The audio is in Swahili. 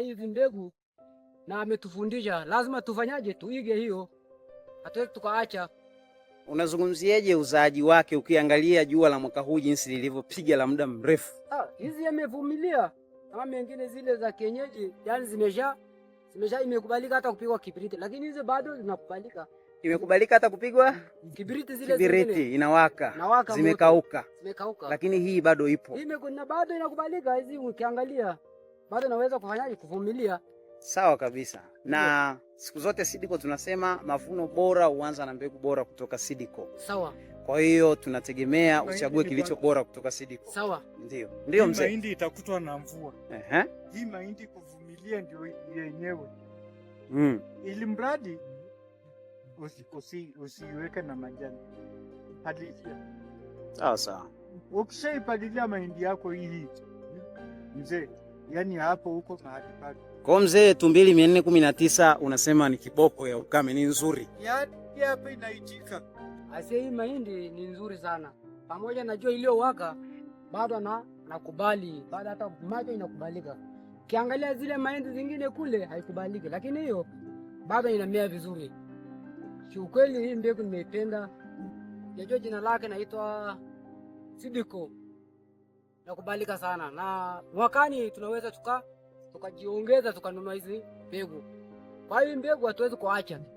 hizi mbegu na ametufundisha lazima tufanyaje, tuige hiyo, hatuwezi tukaacha. Unazungumziaje uzaaji wake ukiangalia jua la mwaka huu jinsi lilivyopiga la muda mrefu? Ah, hizi yamevumilia kama mengine zile za kienyeji, yani zimesha zimesha imekubalika hata kupigwa kibiriti, lakini hizi bado zinakubalika. Imekubalika hata kupigwa kibiriti, zile kibiriti inawaka, inawaka zimekauka, zimekauka, lakini hii bado ipo, hii bado inakubalika. Hizi ukiangalia bado naweza kufanyaje? Kuvumilia. Sawa kabisa na yeah. Siku zote Sidiko tunasema mavuno bora huanza na mbegu bora kutoka Sidiko. Sawa. Kwa hiyo tunategemea uchague kilicho bora kutoka Sidiko. Sawa. Ndio. Ndio mzee. Mahindi itakutwa na mvua. eh. Hii mahindi kuvumilia ndio yenyewe. Mm. Ili mradi usi, usiweke na majani. Palilia. Sawa sawa. Ukishaipalilia mahindi yako hii mzee yani hapo huko mahali pale. Kwa mzee tumbili mia nne kumi na tisa unasema ni kiboko ya ukame, ni nzuri yani hapa inaitika asie. Hii mahindi ni nzuri sana, pamoja na jua iliyowaka bado na nakubali, bado hata macho inakubalika. Kiangalia zile mahindi zingine kule haikubaliki, lakini hiyo bado inamea vizuri. Kiukweli hii mbegu nimeipenda, yajua jina lake naitwa Sidiko nakubalika sana, na mwakani tunaweza tukajiongeza tuka tukanunua hizi mbegu. Kwa hiyo mbegu hatuwezi kuacha.